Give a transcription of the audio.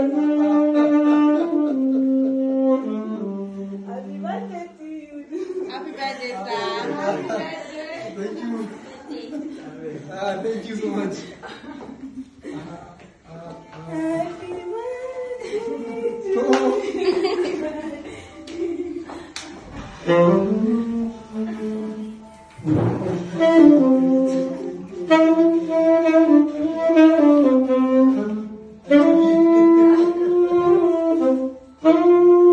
Happy birthday to you. Happy birthday, sir. Thank you. thank you so much. Happy birthday. 嗯